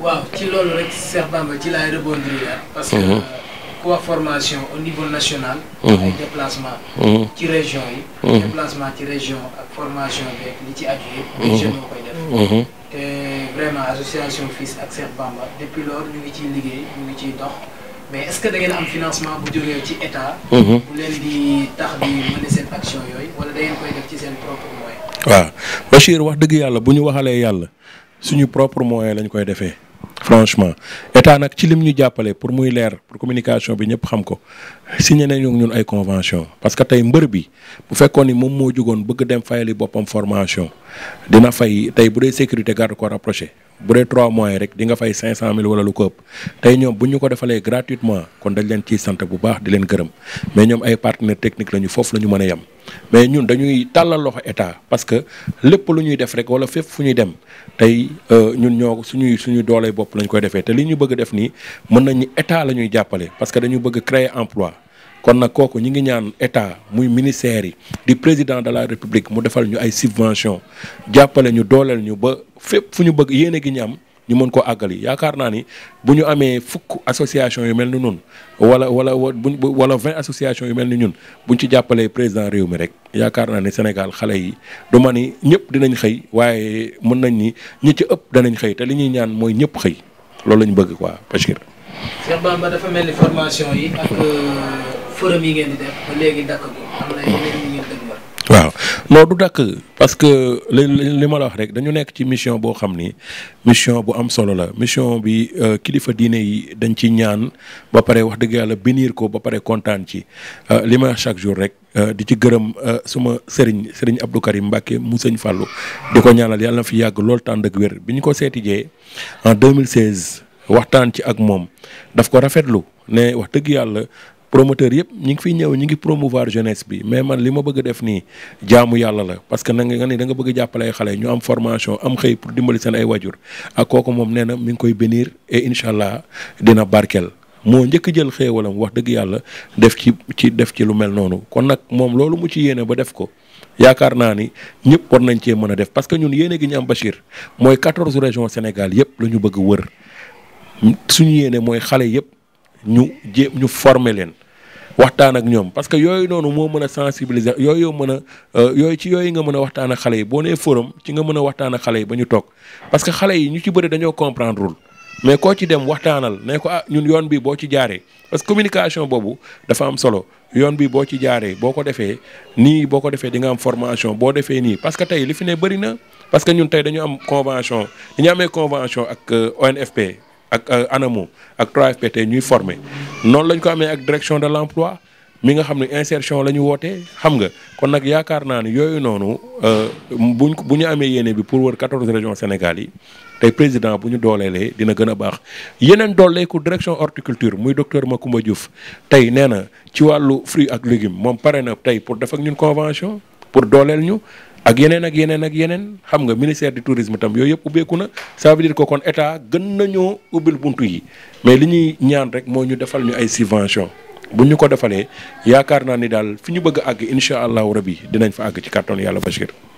waaw ci loolu rek Cheikh Bamba ci laay rebondir parce que ku mhm. wax formation au niveau national. Mhm. ay déplacement. Mhm. ci région yi. déplacement ci région ak formation beeg li ci aju yëpp. ay jeunes moo te vraiment association Fils ak Cheikh Bamba depuis loolu ñu ngi ciy liggéey ñu ngi ciy dox mais est-ce que da am financement bu jógee ci état. bu leen di tax di mener seen action yooyu wala da koy def ci seen propre moyen. waaw Bachir wax dëgg yàlla bu ñu waxalee yàlla. suñu propre moyen lañ koy defee franchement état nag ci lim ñu jàppale pour muy leer pour communication bi ñëpp xam ko signé ñu ñun ay convention parce que tey mbër bi bu fekkoon ni moom moo jugoon bëgg dem fayali boppam formation dina fay tey bu dee sécurité garde corps rapproché bu dee 3 mois rek di nga fay 500000 wala lu ko ëpp tey ñoom bu ñu ko defalee gratuitement kon dañ leen ciy sant bu baax di leen gërëm mais ñoom ay partenaire technique lañu foofu la ñu mën a yem mais ñun dañuy tàllal loxo état parce que lépp lu ñuy def rek wala fépp fu ñuy dem tey euh, ñun ñoo suñuy suñu doolee bopp lañ koy defee te li ñu bëgg def nii mën nañu état la ñuy jàppale parce que dañu bëgg créer emploi kon nag kooku ñu ngi ñaan état muy ministère yi di président de la république mu defal ñu ay subvention jàppale ñu dooleel ñu ba fépp fu ñu bëgg yéene gi ñu am ñu mën koo àggali yaakaar naa ni bu ñu amee fukk association yu mel ni ñun wala wala buñ wala vingt association yu mel ni ñun buñ ci jàppalee président réew mi rek yaakaar naa ni Sénégal xale yi du ni ñëpp dinañ xëy waaye mën nañ ni ñi ci ëpp danañ xëy te li ñuy ñaan mooy ñëpp xëy loolu lañ bëgg quoi Bachir. Cheikh Bamba dafa mel ni formation forum yi waaw non du dakk parce que li li ma la wax rek dañu nekk ci mission boo xam ni mission bu am solo la mission bi euh, kilifa diine yi dañ ci ñaan ba pare wax dëgg yàlla bi bénir ko ba pare kontaan ci euh, li ma chaque jour rek. Euh, di ci gërëm suma Serigne Serigne Abdou Karim mu sëñ Fallou di ko ñaanal yàlla fi yàgg loolu tànd ak wér bi ñu ko seeti jee en 2016 waxtaan ci ak moom daf ko rafetlu ne wax dëgg yàlla promoteur yëpp ñu ngi fiy ñëw ñu ngi promouvoir jeunesse bi mais man li ma bëgg def nii jaamu yàlla la parce que na nga ni da bëgg a jàppale ay xale ñu am formation am xëy pour dimbali seen ay wajur ak kooku moom nee na ngi koy bénir et incha allah dina barkeel moo njëkk jël mu wax dëgg yàlla def ci ci def ci lu mel noonu kon nag moom loolu mu ci yéene ba def ko yaakaar naa ni ñëpp war nañ cee mën a def parce que ñun yéene gi ñu am Bachir mooy 14 régions Sénégal yëpp la ñu bëgg wër suñu yéene mooy xale yëpp. ñu jéem ñu forme leen waxtaan ak ñoom parce que yooyu noonu moo mën a sensibiliser yooyu mën a euh, yooyu ci yooyu nga mën a waxtaan ak xale yi boo nee forum ci nga mën a waxtaan ak xale yi ba ñu toog parce que xale yi ñu ci bëri dañoo comprendre wul mais koo ci dem waxtaanal ne ko ah ñun yoon bi boo ci jaaree parce que communication boobu dafa am solo yoon bi boo ci jaaree boo ko defee nii boo ko defee di nga am formation boo defee nii parce que tey li fi ne bëri na parce que ñun tey dañu am convention dañu amee convention ak euh, ONFP ak euh, ANAMO ak 3FPT ñuy former noonu lañ ko amee ak direction de l'emploi mi nga xam ne insertion la ñu wootee xam nga kon nag yaakaar naa ne yooyu noonu euh, buñ bu ñu amee yéene bi pour wër 14 régions Sénégal yi tey président bu ñu dooleelee dina gën a baax yeneen dooleeku direction horticulture muy docteur Macoumba Diouf tey nee na ci wàllu fruits ak légumes moom pare na tey pour def ak ñun convention pour dooleel ñu. ak yeneen ak yeneen ak yeneen xam nga ministère du tourisme tam yooyu yëpp ubbeeku na ça ko dire que kon état gën nañoo ubbil bunt yi mais li ñuy ñaan rek moo ñu defal ñu ay subvention bu ñu ko defalee yaakaar naa ni daal fi ñu bëgg a àgg incha allahu rabi dinañ fa àgg ci kàttan yàlla bashir